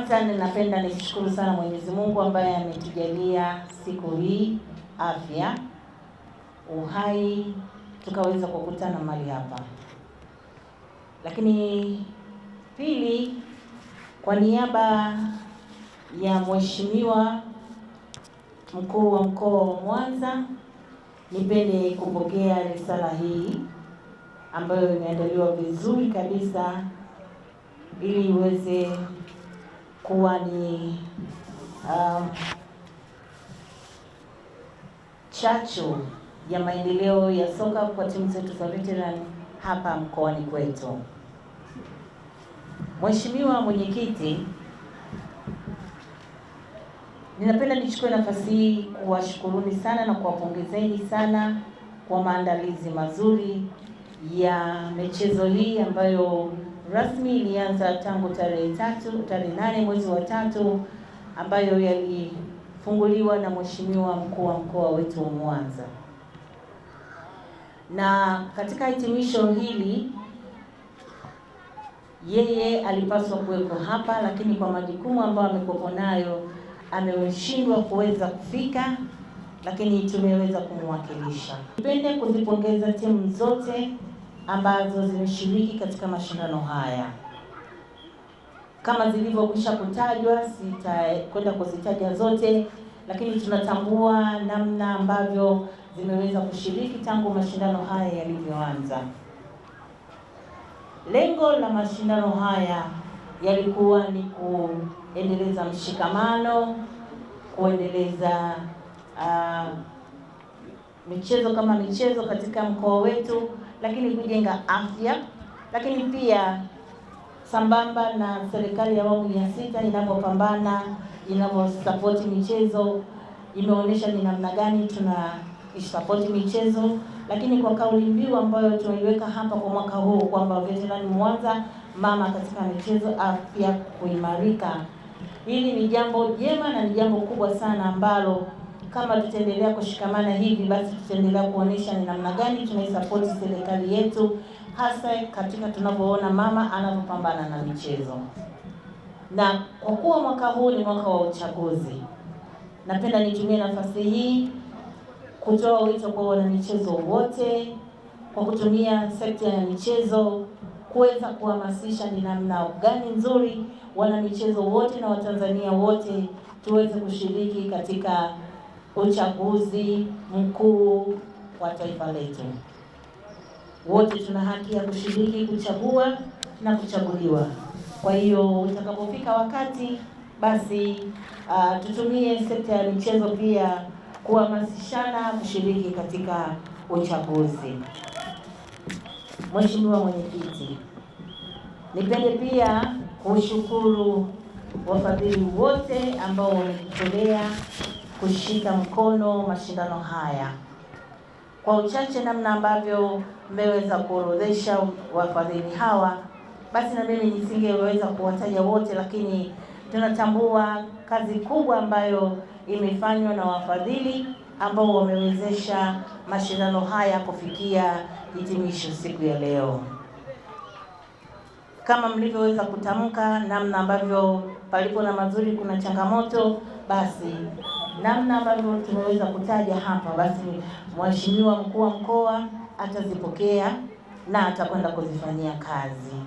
Kwanza ninapenda nikushukuru sana Mwenyezi Mungu ambaye ametujalia siku hii afya, uhai, tukaweza kukutana mahali hapa. Lakini pili, kwa niaba ya Mheshimiwa Mkuu wa Mkoa wa Mwanza, nipende kupokea risala hii ambayo imeandaliwa vizuri kabisa ili iweze kuwa ni um, chachu ya maendeleo ya soka kwa timu zetu za veteran hapa mkoani kwetu. Mheshimiwa Mwenyekiti, ninapenda nichukue nafasi hii kuwashukuruni sana na kuwapongezeni sana kwa maandalizi mazuri ya michezo hii ambayo rasmi ilianza tangu tarehe tatu tarehe nane mwezi wa tatu ambayo yalifunguliwa na mheshimiwa mkuu wa mkoa wetu wa Mwanza, na katika hitimisho hili yeye alipaswa kuwepo hapa, lakini kwa majukumu ambayo amekuwa nayo ameshindwa kuweza kufika, lakini tumeweza kumwakilisha. Nipende kuzipongeza timu zote ambazo zimeshiriki katika mashindano haya. Kama zilivyokwisha kutajwa, sitakwenda kuzitaja zote, lakini tunatambua namna ambavyo zimeweza kushiriki tangu mashindano haya yalivyoanza. Lengo la mashindano haya yalikuwa ni kuendeleza mshikamano, kuendeleza uh, michezo kama michezo katika mkoa wetu, lakini kujenga afya, lakini pia sambamba na serikali ya awamu ya sita inavyopambana, inavyosapoti michezo, imeonyesha ni namna gani tuna isapoti michezo, lakini kwa kauli mbiu ambayo tunaiweka hapa kwa mwaka huu kwamba Veterani Mwanza, mama katika michezo, afya kuimarika, hili ni jambo jema na ni jambo kubwa sana ambalo kama tutaendelea kushikamana hivi, basi tutaendelea kuonesha ni namna gani tunaisapoti serikali yetu, hasa katika tunapoona mama anavyopambana na michezo. Na kwa kuwa mwaka huu ni mwaka wa uchaguzi, napenda nitumie nafasi hii kutoa wito kwa wanamichezo wote kwa kutumia sekta ya michezo kuweza kuhamasisha ni namna gani nzuri wanamichezo wote na Watanzania wote tuweze kushiriki katika uchaguzi mkuu wa taifa letu. Wote tuna haki ya kushiriki, kuchagua na kuchaguliwa. Kwa hiyo utakapofika wakati basi, uh, tutumie sekta ya michezo pia kuhamasishana kushiriki katika uchaguzi. Mheshimiwa Mwenyekiti, nipende pia kushukuru wafadhili wote ambao wamejitolea kushika mkono mashindano haya. Kwa uchache namna ambavyo mmeweza kuorodhesha wafadhili hawa, basi na mimi nisingeweza kuwataja wote, lakini tunatambua kazi kubwa ambayo imefanywa na wafadhili ambao wamewezesha mashindano haya kufikia hitimisho siku ya leo. Kama mlivyoweza kutamka, namna ambavyo palipo na mazuri kuna changamoto, basi namna ambavyo tumeweza kutaja hapa, basi mheshimiwa mkuu wa mkoa atazipokea na atakwenda kuzifanyia kazi.